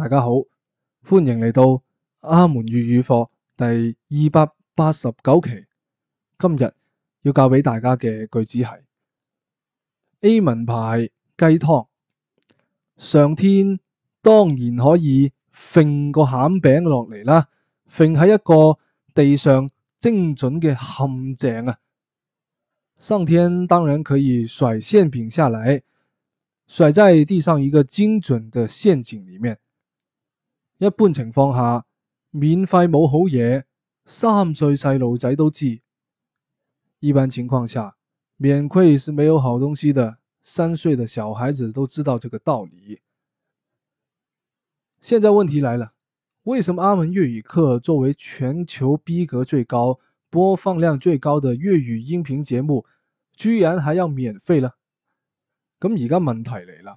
大家好，歡迎嚟到阿門粵語課第二百八十九期。今日要教俾大家嘅句子係：Amen 牌雞湯，上天當然可以揈個餡餅落嚟啦，揈喺一個地上精準嘅陷阱啊。上天當然可以甩餡餅下來，甩在地上一個精準嘅陷阱裏面。一般情況下，免費冇好嘢，三歲細路仔都知。一般情況下，免費是沒有好東西的，三歲的小孩子都知道這個道理。現在問題來了，為什麼阿門粵語課作為全球逼格最高、播放量最高的粵語音頻節目，居然還要免費呢？咁而家問題嚟喇。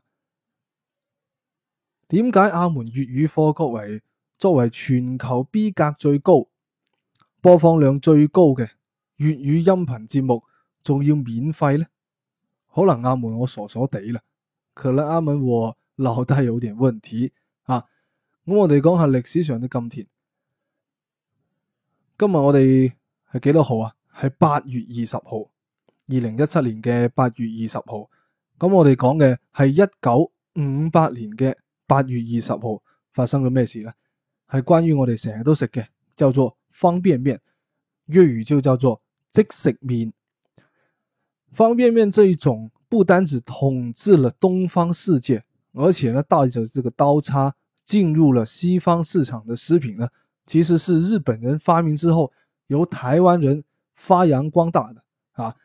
點解阿門粵語課曲為作為全球逼格最高、播放量最高嘅粵語音頻節目，仲要免費呢？可能阿門我傻傻哋啦，可能阿門我腦袋有點問題啊。咁我哋講下歷史上嘅今天。今日我哋係幾多號啊？係八月二十號，二零一七年嘅八月二十號。咁我哋講嘅係一九五八年嘅。八月二十號發生咗咩事呢？係關於我哋成日都食嘅，叫做方便麵。粵語就叫做即食麵。方便麵這一種不單止統治了東方世界，而且呢帶着這個刀叉進入了西方市場嘅食品呢，其實是日本人發明之後，由台灣人發揚光大嘅。啊。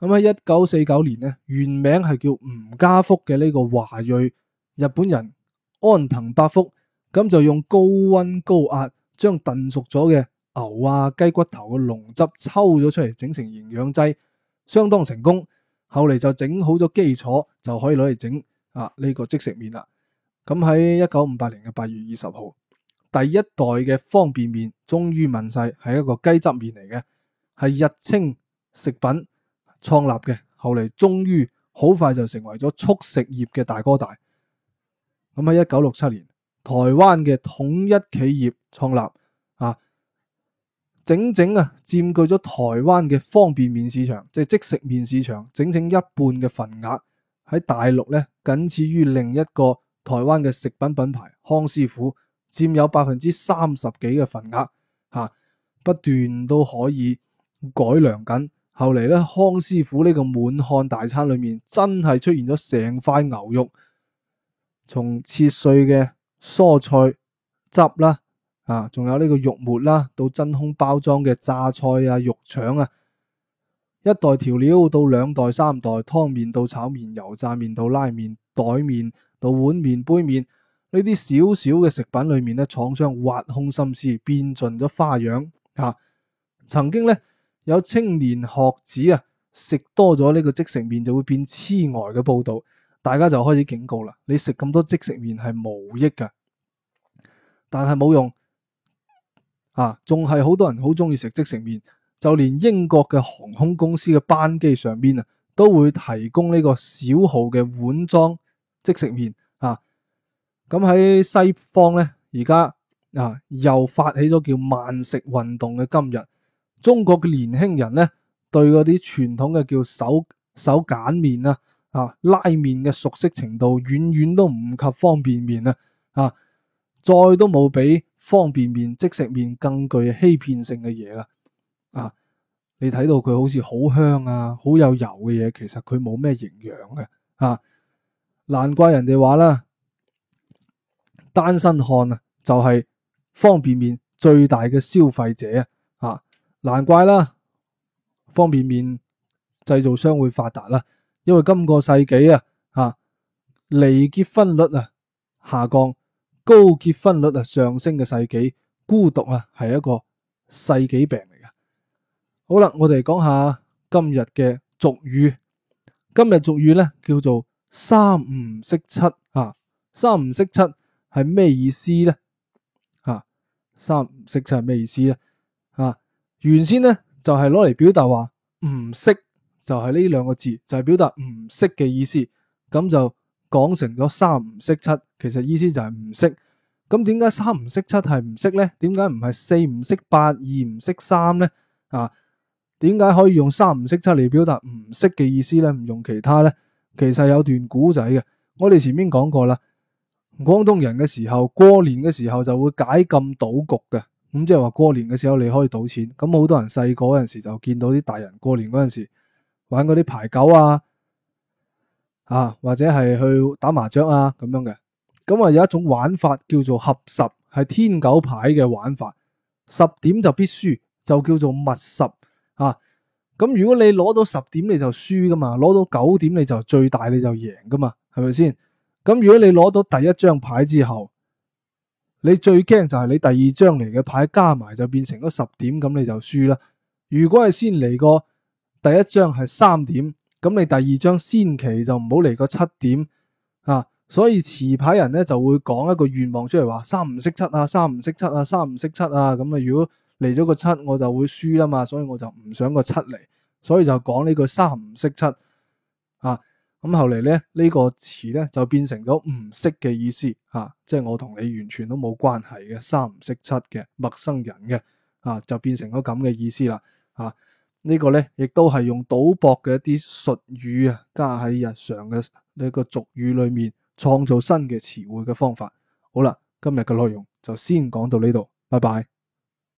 咁喺一九四九年呢，原名係叫吳家福嘅呢個華裔日本人。安藤百福咁就用高温高壓將燉熟咗嘅牛啊雞骨頭嘅濃汁抽咗出嚟，整成營養劑，相當成功。後嚟就整好咗基礎，就可以攞嚟整啊呢個即食麵啦。咁喺一九五八年嘅八月二十號，第一代嘅方便麵終於問世，係一個雞汁麵嚟嘅，係日清食品創立嘅。後嚟終於好快就成為咗速食業嘅大哥大。咁喺一九六七年，台灣嘅統一企業創立，啊，整整啊佔據咗台灣嘅方便麵市場，即係即食麵市場，整整一半嘅份額喺大陸咧，僅次於另一個台灣嘅食品品牌康師傅，佔有百分之三十幾嘅份額，嚇、啊、不斷都可以改良緊。後嚟咧，康師傅呢個滿漢大餐裏面真係出現咗成塊牛肉。從切碎嘅蔬菜汁啦，啊，仲有呢個肉末啦、啊，到真空包裝嘅榨菜啊、肉腸啊，一袋調料到兩袋、三袋，湯麵到炒麵、油炸麵到拉麵、袋麵到碗麵、杯麵呢啲小小嘅食品裏面咧，廠商挖空心思，變盡咗花樣啊！曾經咧有青年學子啊，食多咗呢個即食麵就會變痴呆嘅報道。大家就開始警告啦！你食咁多即食麵係無益㗎，但係冇用啊！仲係好多人好中意食即食麵，就連英國嘅航空公司嘅班機上邊啊，都會提供呢個小號嘅碗裝即食麵啊！咁喺西方咧，而家啊又發起咗叫慢食運動嘅今日，中國嘅年輕人咧對嗰啲傳統嘅叫手手擀麵啊。啊！拉麵嘅熟悉程度遠遠都唔及方便麵啊！啊，再都冇比方便麵即食麵更具欺騙性嘅嘢啦！啊，你睇到佢好似好香啊，好有油嘅嘢，其實佢冇咩營養嘅啊！難怪人哋話啦，單身漢啊，就係方便麵最大嘅消費者啊！啊，難怪啦，方便麵製造商會發達啦！因為今個世紀啊，吓離結婚率啊下降，高結婚率啊上升嘅世紀，孤獨啊係一個世紀病嚟㗎。好啦，我哋講下今日嘅俗語。今日俗語咧叫做三唔識七啊，三唔識七係咩意思咧？啊，三唔識七係咩意思咧？啊，原先咧就係攞嚟表達話唔識。就係呢兩個字，就係表達唔識嘅意思。咁就講成咗三唔識七，其實意思就係唔識。咁點解三唔識七係唔識呢？點解唔係四唔識八，二唔識三呢？啊，點解可以用三唔識七嚟表達唔識嘅意思呢？唔用其他呢？其實有段古仔嘅。我哋前面講過啦，廣東人嘅時候過年嘅時候就會解禁賭局嘅，咁即係話過年嘅時候你可以賭錢。咁好多人細個嗰陣時就見到啲大人過年嗰陣時。玩嗰啲牌九啊，啊或者係去打麻雀啊咁樣嘅，咁、嗯、啊有一種玩法叫做合十，係天九牌嘅玩法，十點就必輸，就叫做密十啊。咁、嗯、如果你攞到十點你就輸噶嘛，攞到九點你就最大你就贏噶嘛，係咪先？咁、嗯、如果你攞到第一張牌之後，你最驚就係你第二張嚟嘅牌加埋就變成咗十點，咁你就輸啦。如果係先嚟個，第一張係三點，咁你第二張先期就唔好嚟個七點啊，所以持牌人咧就會講一個願望出嚟，話三唔識七啊，三唔識七啊，三唔識七啊，咁、嗯、啊如果嚟咗個七我就會輸啦嘛，所以我就唔想個七嚟，所以就講呢個三唔識七啊，咁、嗯、後嚟咧呢、呢個詞咧就變成咗唔識嘅意思吓，即、啊、係、即係、我同你完全都冇關係嘅，三唔識七嘅陌生人嘅啊，就變成咗咁嘅意思啦啊。個呢個咧，亦都係用賭博嘅一啲術語啊，加喺日常嘅呢個俗語裏面，創造新嘅詞彙嘅方法。好啦，今日嘅內容就先講到呢度，拜拜。